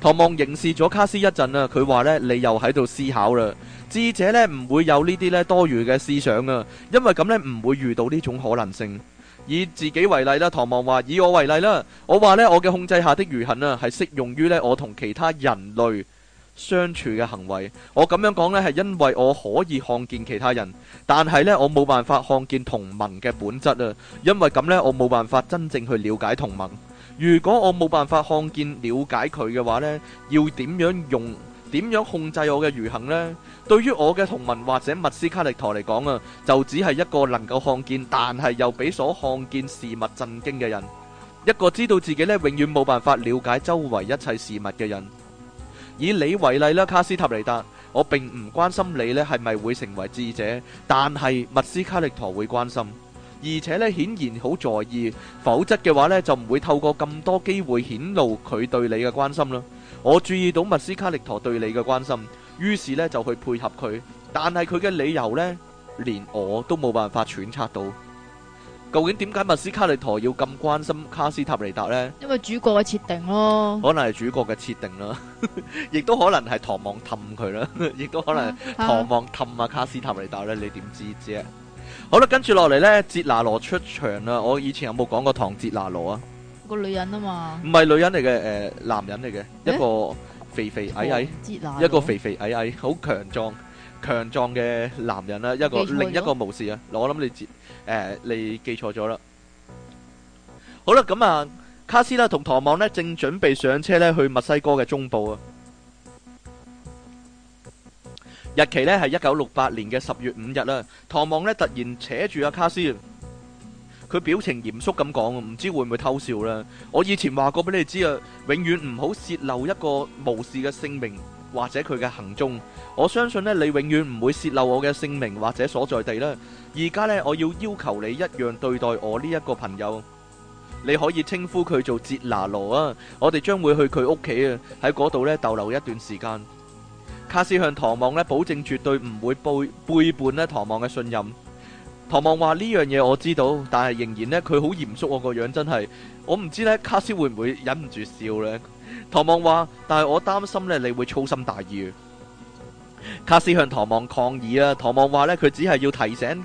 唐望凝視咗卡斯一陣啊，佢話呢：「你又喺度思考啦，智者呢，唔會有呢啲呢多餘嘅思想啊，因為咁呢，唔會遇到呢種可能性。以自己為例啦、啊，唐望話以我為例啦、啊，我話呢，我嘅控制下的愚行啊係適用於呢我同其他人類。相處嘅行為，我咁樣講呢，係因為我可以看見其他人，但係呢，我冇辦法看見同盟嘅本質啊！因為咁呢，我冇辦法真正去了解同盟。如果我冇辦法看見了解佢嘅話呢，要點樣用？點樣控制我嘅愚行呢？對於我嘅同盟或者密斯卡力陀嚟講啊，就只係一個能夠看見，但係又俾所看見事物震驚嘅人，一個知道自己呢，永遠冇辦法了解周圍一切事物嘅人。以你為例啦，卡斯塔尼達，我並唔關心你呢係咪會成為智者，但係密斯卡力陀會關心，而且呢，顯然好在意，否則嘅話呢，就唔會透過咁多機會顯露佢對你嘅關心啦。我注意到密斯卡力陀對你嘅關心，於是呢，就去配合佢，但係佢嘅理由呢，連我都冇辦法揣測到。究竟點解密斯卡利陀要咁關心卡斯塔尼達呢？因為主角嘅設定咯，可能係主角嘅設定啦，亦 都可能係唐望氹佢啦，亦 都可能係唐望氹阿卡斯塔尼達咧，你點知啫？好啦，跟住落嚟呢，捷拿羅出場啦。我以前有冇講過唐捷拿羅啊？個女人啊嘛，唔係女人嚟嘅，誒、呃，男人嚟嘅，欸、一個肥肥矮矮，一個肥肥矮矮好強壯、強壯嘅男人啦、啊，一個另一個武士啊。我諗你誒、呃，你記錯咗啦！好啦，咁啊，卡斯啦同唐望咧，正準備上車咧去墨西哥嘅中部啊。日期咧係一九六八年嘅十月五日啦。唐望咧突然扯住阿卡斯，佢表情嚴肅咁講，唔知會唔會偷笑啦？我以前話過俾你知啊，永遠唔好泄漏一個巫士嘅姓名或者佢嘅行蹤。我相信咧，你永遠唔會泄漏我嘅姓名或者所在地啦。而家呢，我要要求你一樣對待我呢一個朋友，你可以稱呼佢做捷拿羅啊。我哋將會去佢屋企啊，喺嗰度呢逗留一段時間。卡斯向唐望呢保證絕對唔會背背叛呢唐望嘅信任。唐望話呢樣嘢我知道，但係仍然呢，佢好嚴肅我個樣，真係我唔知呢卡斯會唔會忍唔住笑呢？唐望話，但係我擔心呢，你會粗心大意。卡斯向唐望抗議啊，唐望話呢，佢只係要提醒。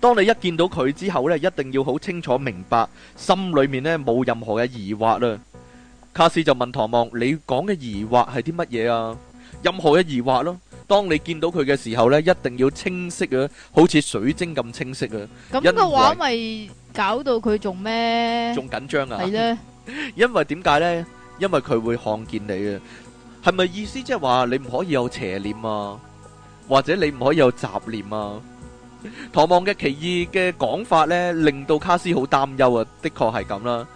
當你一見到佢之後咧，一定要好清楚明白心裏面咧冇任何嘅疑惑啦。卡斯就問唐望：你講嘅疑惑係啲乜嘢啊？任何嘅疑惑咯。當你見到佢嘅時候咧，一定要清晰啊，好似水晶咁清晰啊。咁個話咪搞到佢仲咩？仲緊張啊？係呀。因為點解咧？因為佢會看見你啊。係咪意思即係話你唔可以有邪念啊？或者你唔可以有雜念啊？唐望嘅奇異嘅講法咧，令到卡斯好擔憂啊！的確係咁啦，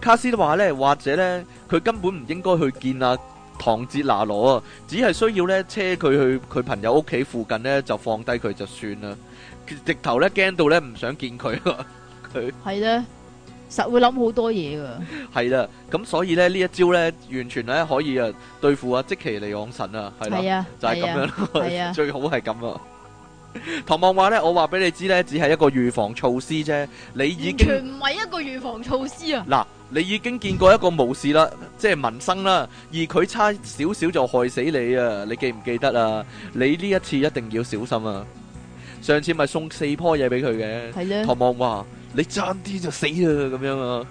卡斯話咧，或者咧，佢根本唔應該去見阿、啊、唐哲拿羅啊，只係需要咧車佢去佢朋友屋企附近咧，就放低佢就算啦。直頭咧驚到咧唔想見佢，佢係咧實會諗好多嘢噶。係啦， 咁所以咧呢一招咧，完全咧可以啊對付啊即其嚟往神啊，係啦，的就係咁樣咯， 最好係咁啊。唐望話咧，我話俾你知咧，只係一個預防措施啫。你已經全係一個預防措施啊！嗱，你已經見過一個無事啦， 即係民生啦，而佢差少少就害死你啊！你記唔記得啊？你呢一次一定要小心啊！上次咪送四棵嘢俾佢嘅，係啊。唐望話你爭啲就死啦！咁樣啊！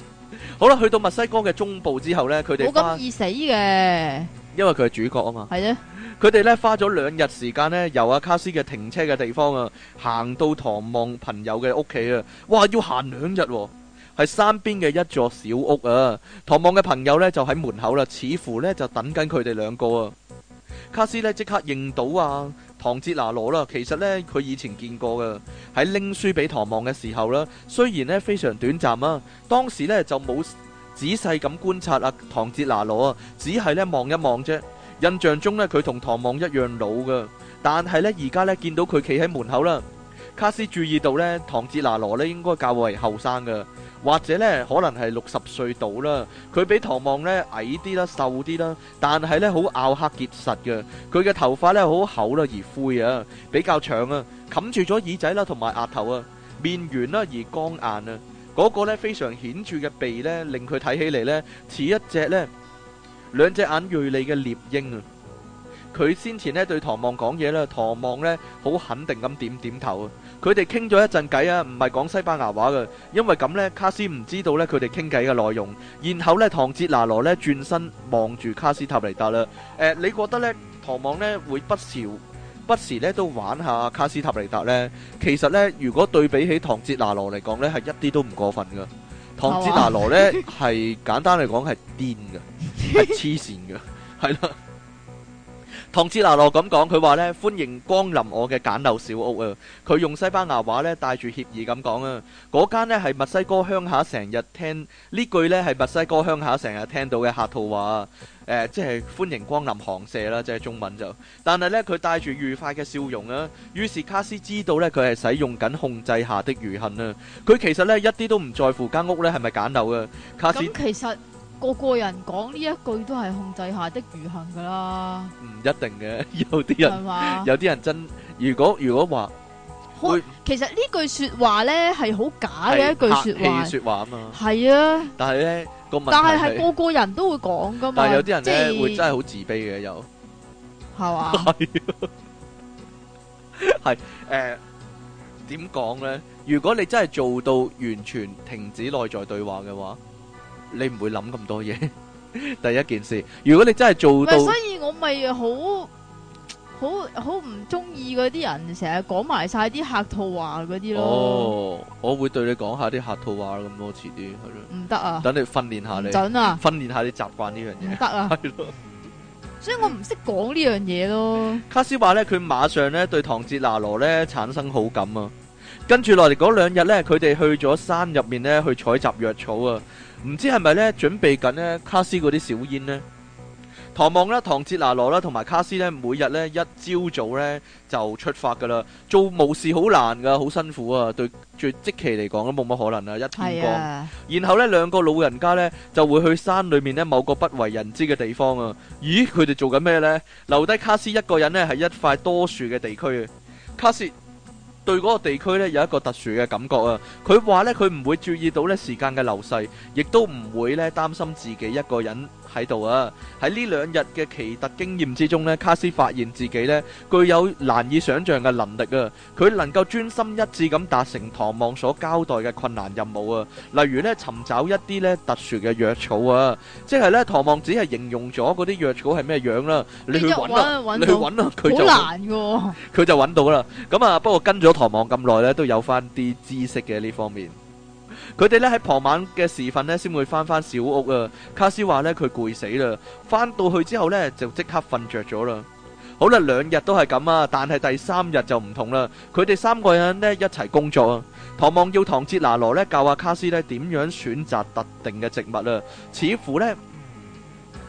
好啦，去到墨西哥嘅中部之後咧，佢哋冇咁易死嘅，因為佢係主角啊嘛。係啊。佢哋呢花咗兩日時間呢，由阿卡斯嘅停車嘅地方啊，行到唐望朋友嘅屋企啊，哇，要行兩日喎，係山邊嘅一座小屋啊。唐望嘅朋友呢，就喺門口啦，似乎呢，就等緊佢哋兩個啊。卡斯呢，即刻認到啊，唐哲拿羅啦，其實呢，佢以前見過噶，喺拎書俾唐望嘅時候啦，雖然呢，非常短暫啊，當時呢，就冇仔細咁觀察啊，唐哲拿羅啊，只係呢，望一望啫。印象中呢，佢同唐望一樣老㗎，但係呢，而家呢，見到佢企喺門口啦。卡斯注意到呢，唐哲拿羅呢應該較為後生㗎，或者呢可能係六十歲到啦。佢比唐望呢矮啲啦，瘦啲啦，但係呢好拗黑結實嘅。佢嘅頭髮呢好厚啦而灰啊，比較長啊，冚住咗耳仔啦同埋額頭啊，面圓啦而光硬啊。嗰個呢非常顯著嘅鼻呢，令佢睇起嚟呢似一隻呢。兩隻眼鋭利嘅獵鷹啊！佢先前咧對唐望講嘢咧，唐望咧好肯定咁點點頭啊！佢哋傾咗一陣偈啊，唔係講西班牙話嘅，因為咁呢卡斯唔知道咧佢哋傾偈嘅內容。然後呢，唐哲拿羅咧轉身望住卡斯塔尼達啦。誒、呃，你覺得呢？唐望咧會不時不時咧都玩下卡斯塔尼達呢？其實呢，如果對比起唐哲拿羅嚟講呢係一啲都唔過分㗎。唐哲拿羅呢，係簡單嚟講係癲嘅。係黐綫嘅，係啦。 唐治拿洛咁講，佢話咧歡迎光臨我嘅簡陋小屋啊。佢用西班牙話咧帶住歉意咁講啊。嗰間咧係墨西哥鄉下，成日聽呢句咧係墨西哥鄉下成日聽到嘅客套話啊。誒、呃，即係歡迎光臨寒舍啦，即係中文就。但係呢，佢帶住愉快嘅笑容啊。於是卡斯知道呢佢係使用緊控制下的愚行啊。佢其實呢，一啲都唔在乎間屋咧係咪簡陋嘅。卡斯其實。個個人講呢一句都係控制下的愚行噶啦，唔一定嘅，有啲人，有啲人真。如果，如果話，其實呢句說話咧係好假嘅一句說話，客氣說話啊嘛，係啊。但係咧個問題，但係係個個人都會講噶嘛。但係有啲人咧會真係好自卑嘅，又係嘛？係係誒，點講咧？如果你真係做到完全停止內在對話嘅話。你唔會諗咁多嘢，第一件事。如果你真係做到，所以我咪好好好唔中意嗰啲人，成日講埋晒啲客套話嗰啲咯。哦，我會對你講下啲客套話咁多次，次啲係咯。唔得啊，等你訓練下你，準啊，訓練下啲習慣呢樣嘢，唔得啊，係咯。所以我唔識講呢樣嘢咯。卡斯話咧，佢馬上咧對唐哲拿羅咧產生好感啊。跟住落嚟嗰兩日咧，佢哋去咗山入面咧去採集藥草啊。唔知係咪呢？準備緊呢卡斯嗰啲小煙呢？唐望啦、唐哲拿羅啦、同埋卡斯呢，每日呢一朝早呢就出發㗎啦。做無事好難㗎，好辛苦啊！對，最即期嚟講都冇乜可能啦。一天光，啊、然後呢兩個老人家呢就會去山裏面呢某個不為人知嘅地方啊！咦，佢哋做緊咩呢？留低卡斯一個人呢，喺一塊多樹嘅地區卡斯。對嗰個地區呢，有一個特殊嘅感覺啊！佢話呢，佢唔會注意到呢，時間嘅流逝，亦都唔會呢，擔心自己一個人。喺度啊！喺呢兩日嘅奇特經驗之中咧，卡斯發現自己咧具有難以想像嘅能力啊！佢能夠專心一致咁達成唐望所交代嘅困難任務啊！例如咧尋找一啲咧特殊嘅藥草啊，即係咧唐望只係形容咗嗰啲藥草係咩樣啦，你去揾啦，啊，佢就揾到啦。咁啊，不過跟咗唐望咁耐咧，都有翻啲知識嘅呢方面。佢哋咧喺傍晚嘅時分咧先會返返小屋啊。卡斯話咧佢攰死啦，返到去之後呢就即刻瞓着咗啦。好啦，兩日都係咁啊，但係第三日就唔同啦。佢哋三個人咧一齊工作啊。唐望要唐哲拿羅咧教下卡斯咧點樣選擇特定嘅植物啊。似乎呢，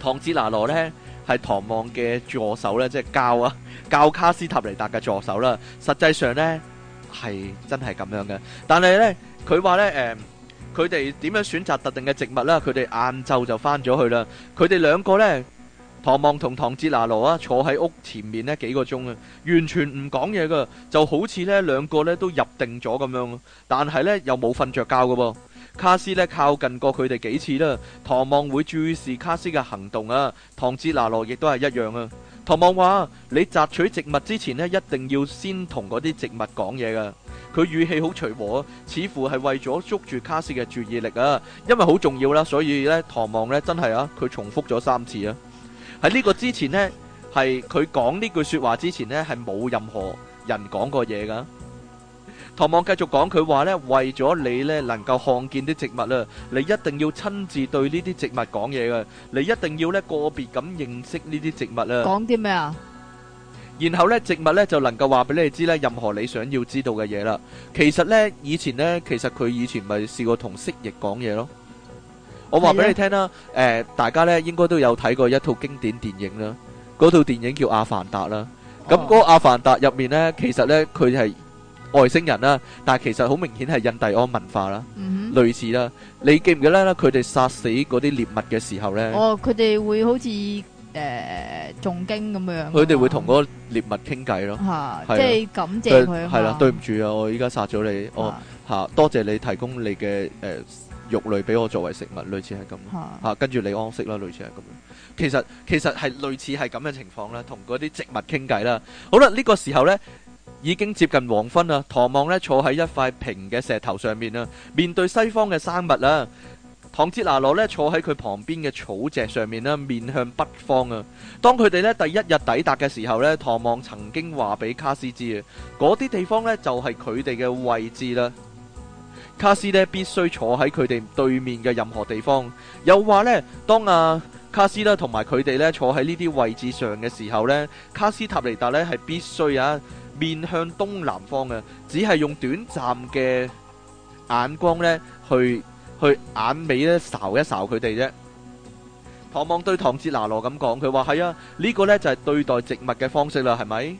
唐哲拿羅呢係唐望嘅助手咧，即係教啊教卡斯塔尼達嘅助手啦。實際上呢係真係咁樣嘅，但係呢，佢話呢。誒、呃。佢哋點樣選擇特定嘅植物啦？佢哋晏晝就翻咗去啦。佢哋兩個呢，唐望同唐哲拿羅啊，坐喺屋前面呢幾個鐘啊，完全唔講嘢噶，就好似呢兩個呢都入定咗咁樣。但係呢，又冇瞓着覺噶噃。卡斯呢，靠近過佢哋幾次啦。唐望會注視卡斯嘅行動啊。唐哲拿羅亦都係一樣啊。唐望話：你摘取植物之前呢，一定要先同嗰啲植物講嘢噶。佢語氣好隨和,似乎係為咗捉住卡斯嘅注意力啊,因為好重要啦,所以呢,唐望呢,真係啊,佢重複咗三次啊。喺呢個之前呢,係佢講呢句說話之前呢,係冇任何人講過嘢㗎。唐望繼續講佢話呢,為咗你呢,能夠看見啲植物㗎,你一定要親自對呢啲植物講嘢㗎,你一定要呢,個別咁認識呢啲植物㗎。講啲咩啊?然後呢，植物呢就能夠話俾你哋知呢，任何你想要知道嘅嘢啦。其實呢，以前呢，其實佢以前咪試過同蜥蜴講嘢咯。我話俾你聽啦，誒，大家呢應該都有睇過一套經典電影啦，嗰套電影叫《阿凡達》啦。咁嗰個《阿凡達》入面呢，其實呢佢係外星人啦，但係其實好明顯係印第安文化啦，類似啦。你記唔記得呢？佢哋殺死嗰啲獵物嘅時候呢，哦，佢哋會好似。誒，重、呃、經咁樣，佢哋會同嗰個獵物傾偈咯，啊啊、即係感謝佢。係啦、呃啊，對唔住啊，我依家殺咗你，啊、我吓、啊、多謝你提供你嘅誒、呃、肉類俾我作為食物，類似係咁。吓、啊啊，跟住你安息啦，類似係咁。其實其實係類似係咁嘅情況啦，同嗰啲植物傾偈啦。好啦，呢、呢個時候呢，已經接近黃昏啦。唐望呢坐喺一塊平嘅石頭上面啦，面對西方嘅生物啦。唐哲拿羅咧坐喺佢旁邊嘅草席上面啦，面向北方啊。當佢哋咧第一日抵達嘅時候咧，唐望曾經話俾卡斯知啊，嗰啲地方咧就係佢哋嘅位置啦。卡斯咧必須坐喺佢哋對面嘅任何地方。又話咧，當阿、啊、卡斯咧同埋佢哋咧坐喺呢啲位置上嘅時候咧，卡斯塔尼達咧係必須啊面向東南方嘅，只係用短暫嘅眼光咧去。去眼尾咧睄一睄佢哋啫。唐望對唐哲拿羅咁講，佢話係啊，呢個呢就係對待植物嘅方式啦，係咪？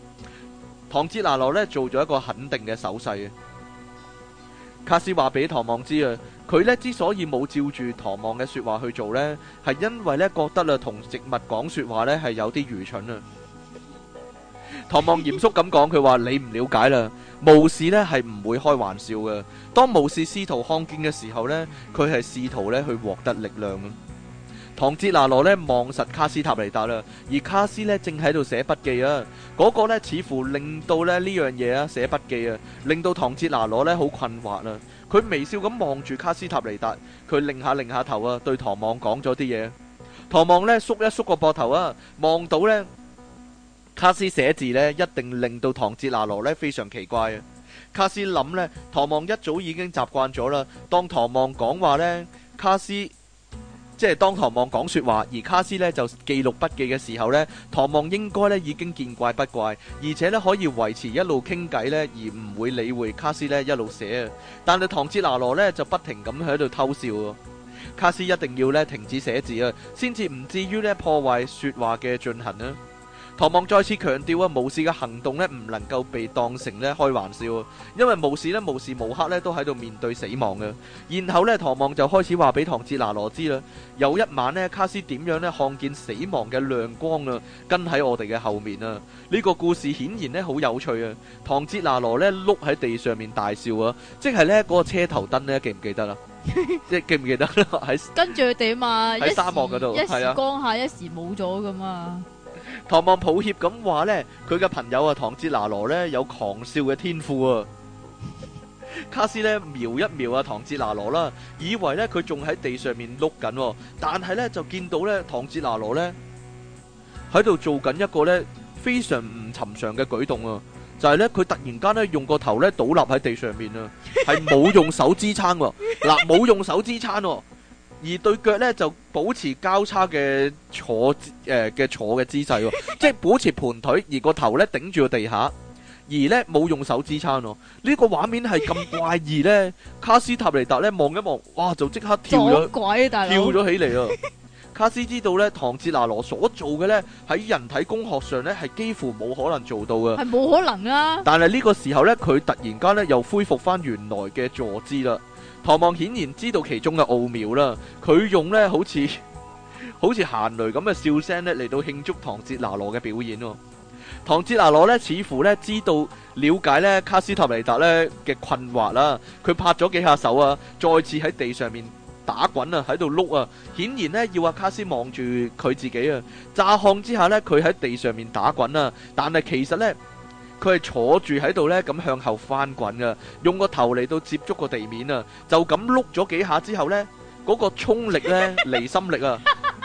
唐哲拿羅呢做咗一個肯定嘅手勢。卡斯話俾唐望知啊，佢呢之所以冇照住唐望嘅說話去做呢，係因為呢覺得啊，同植物講說話呢係有啲愚蠢啊。唐望嚴肅咁講，佢話你唔了解啦。巫士咧係唔會開玩笑嘅。當巫士試圖看見嘅時候呢，佢係試圖咧去獲得力量。唐哲拿羅咧望實卡斯塔尼達啦，而卡斯咧正喺度寫筆記啊。嗰、那個咧似乎令到咧呢樣嘢啊寫筆記啊，令到唐哲拿羅咧好困惑啊。佢微笑咁望住卡斯塔尼達，佢擰下擰下頭啊，對唐望講咗啲嘢。唐望呢，縮一縮個膊頭啊，望到呢。卡斯寫字咧，一定令到唐哲拿羅咧非常奇怪啊！卡斯諗咧，唐望一早已經習慣咗啦。當唐望講話咧，卡斯即係當唐望講説話，而卡斯咧就記錄筆記嘅時候咧，唐望應該咧已經見怪不怪，而且咧可以維持一路傾偈咧，而唔會理會卡斯咧一路寫啊！但係唐哲拿羅咧就不停咁喺度偷笑喎。卡斯一定要咧停止寫字啊，先至唔至於咧破壞説話嘅進行啊！唐望再次強調啊，巫師嘅行動咧唔能夠被當成咧開玩笑啊，因為巫師咧無時無刻咧都喺度面對死亡嘅。然後呢，唐望就開始話俾唐哲拿羅知啦。有一晚咧，卡斯點樣呢？看見死亡嘅亮光啊，跟喺我哋嘅後面啊。呢個故事顯然呢，好有趣啊。唐哲拿羅呢，碌喺地上面大笑啊，即係嗰個車頭燈咧記唔記得啦？即 記唔記得喺跟住佢點啊？喺沙漠嗰度，一時光下一時冇咗噶嘛。 唐望抱歉咁話咧，佢嘅朋友啊唐哲拿羅咧有狂笑嘅天賦啊，卡斯咧瞄一瞄啊唐哲拿羅啦，以為咧佢仲喺地上面碌緊，但係咧就見到咧唐哲拿羅咧喺度做緊一個咧非常唔尋常嘅舉動啊，就係咧佢突然間咧用個頭咧倒立喺地上面啊，係冇用手支撐喎，嗱冇用手支撐喎。而對腳咧就保持交叉嘅坐誒嘅、呃、坐嘅姿勢喎、哦， 即係保持盤腿，而個頭咧頂住個地下，而呢冇用手支撐喎。呢、這個畫面係咁怪異呢。 卡斯塔尼達呢望一望，哇就即刻跳咗， 跳咗起嚟咯。卡斯知道呢，唐哲拿羅所做嘅呢，喺人體工學上呢係幾乎冇可能做到嘅，係冇可能啊！但係呢個時候呢，佢突然間呢又恢復返原來嘅坐姿啦。唐望顯然知道其中嘅奧妙啦，佢用咧好似好似行雷咁嘅笑聲咧嚟到慶祝唐哲拿羅嘅表演喎。唐哲拿羅咧似乎咧知道了解咧卡斯塔尼達咧嘅困惑啦，佢拍咗幾下手啊，再次喺地上面打滾啊，喺度碌啊，顯然呢，要阿卡斯望住佢自己啊。乍看之下呢，佢喺地上面打滾啊，但係其實呢。佢係坐住喺度咧，咁向後翻滾啊，用個頭嚟到接觸個地面啊，就咁碌咗幾下之後咧，嗰個衝力咧，離心力啊，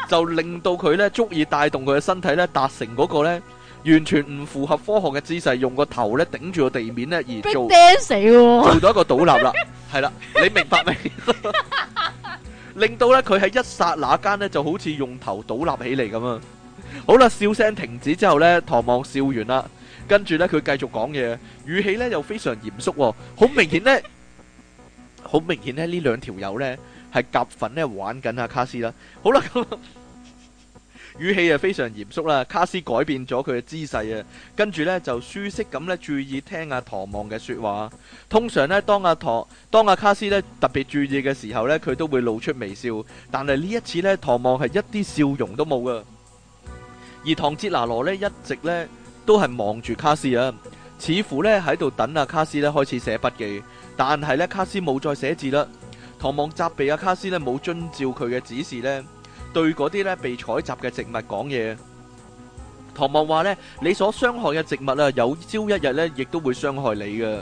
就令到佢咧足以帶動佢嘅身體咧，達成嗰個咧完全唔符合科學嘅姿勢，用個頭咧頂住個地面咧而做，釘死做咗一個倒立啦，係啦，你明白未？令到咧佢喺一剎那間咧就好似用頭倒立起嚟咁啊！好啦，笑聲停止之後咧，唐望笑完啦。跟住咧，佢繼續講嘢，語氣咧又非常嚴肅，好明顯咧，好明顯咧，呢兩條友咧係夾份咧玩緊阿卡斯啦。好啦，咁語氣啊非常嚴肅啦，卡斯改變咗佢嘅姿勢啊，跟住咧就舒適咁咧注意聽阿唐望嘅說話。通常咧，當阿唐當阿卡斯咧特別注意嘅時候咧，佢都會露出微笑。但係呢一次咧，唐望係一啲笑容都冇噶。而唐哲拿羅咧一直咧。都係望住卡斯啊，似乎呢喺度等阿卡斯呢開始寫筆記，但係呢，卡斯冇再寫字啦。唐望責備阿卡斯呢冇遵照佢嘅指示呢對嗰啲呢被採集嘅植物講嘢。唐望話呢：「你所傷害嘅植物啊，有朝一日呢亦都會傷害你嘅。」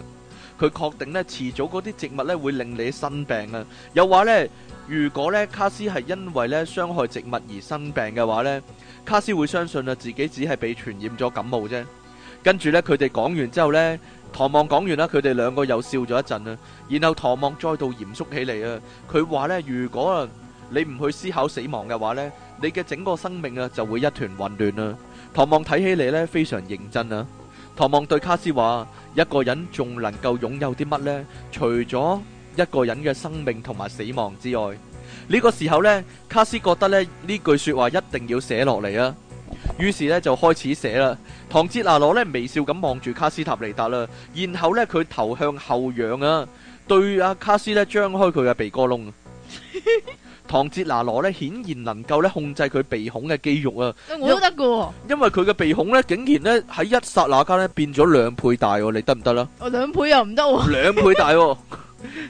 佢確定咧，遲早嗰啲植物咧會令你生病啊！又話呢，如果呢卡斯係因為咧傷害植物而生病嘅話呢，卡斯會相信啊，自己只係被傳染咗感冒啫。跟住呢，佢哋講完之後呢，唐望講完啦，佢哋兩個又笑咗一陣啊。然後唐望再度嚴肅起嚟啊，佢話呢，如果你唔去思考死亡嘅話呢，你嘅整個生命啊就會一團混亂啊。唐望睇起嚟呢，非常認真啊。唐望對卡斯話。一個人仲能夠擁有啲乜呢？除咗一個人嘅生命同埋死亡之外，呢、呢個時候呢，卡斯覺得呢呢句説話一定要寫落嚟啊！於是呢，就開始寫啦。唐哲拿羅呢，微笑咁望住卡斯塔尼達啦，然後呢，佢頭向後仰啊，對阿、啊、卡斯呢，張開佢嘅鼻哥窿。 唐哲拿羅咧顯然能夠咧控制佢鼻孔嘅肌肉啊！我都得嘅，因為佢嘅鼻孔咧竟然咧喺一剎那間咧變咗兩倍大，哦，你得唔得啦？我兩倍又唔得喎，兩倍大。哦。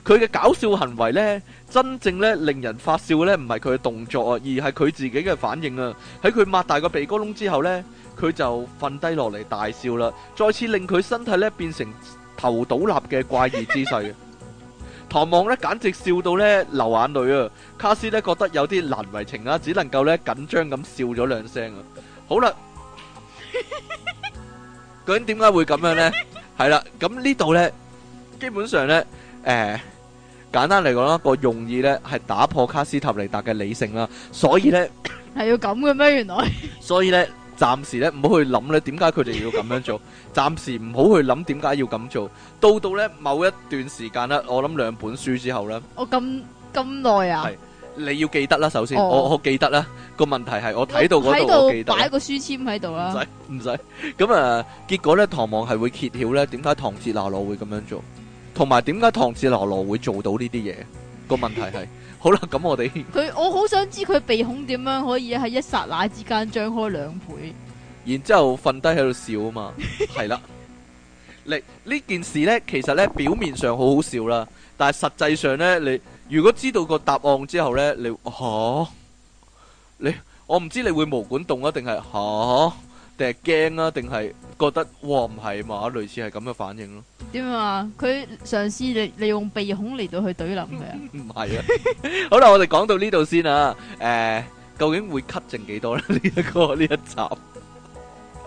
佢嘅 搞笑行為咧，真正咧令人發笑咧，唔係佢嘅動作啊，而係佢自己嘅反應啊。喺佢擘大個鼻哥窿之後咧，佢就瞓低落嚟大笑啦，再次令佢身體咧變成頭倒立嘅怪異姿勢。 唐望咧，簡直笑到咧流眼淚啊！卡斯咧覺得有啲難為情啦，只能夠咧緊張咁笑咗兩聲啊！好啦，究竟點解會咁樣咧？係啦，咁呢度咧，基本上咧，誒，簡單嚟講啦，個用意咧係打破卡斯塔尼達嘅理性啦，所以咧係要咁嘅咩？原來所以咧。暫時咧唔好去諗咧，點解佢哋要咁樣做？暫時唔好去諗點解要咁做。到到咧某一段時間啦，我諗兩本書之後啦。我咁咁耐啊？係你要記得啦，首先我我記得啦。個問題係我睇到嗰度，記得擺個書籤喺度啦。唔使唔使。咁啊，結果咧，唐望係會揭曉咧，點解唐智拿羅會咁樣做？同埋點解唐智拿羅會做到呢啲嘢？個問題係。好啦，咁我哋佢我好想知佢鼻孔點樣可以喺一剎那之間張開兩倍，然之後瞓低喺度笑啊嘛，係 啦。你呢件事呢，其實呢，表面上好好笑啦，但係實際上呢，你如果知道個答案之後呢，你吓、啊、你我唔知你會毛管動啊定係吓。定係驚啊？定係覺得哇唔係嘛？類似係咁嘅反應咯。點啊？佢嘗試嚟利用鼻孔嚟到去懟冧佢啊。唔係啊！ 是的 好啦，我哋講到呢度先啊。誒、欸，究竟會 cut 剩幾多咧？呢 一、這個呢一集 cut，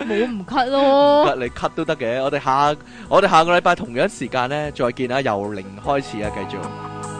冇唔 cut 咯。唔你 cut 都得嘅。我哋下我哋下個禮拜同樣時間咧再見啊！由零開始啊，繼續。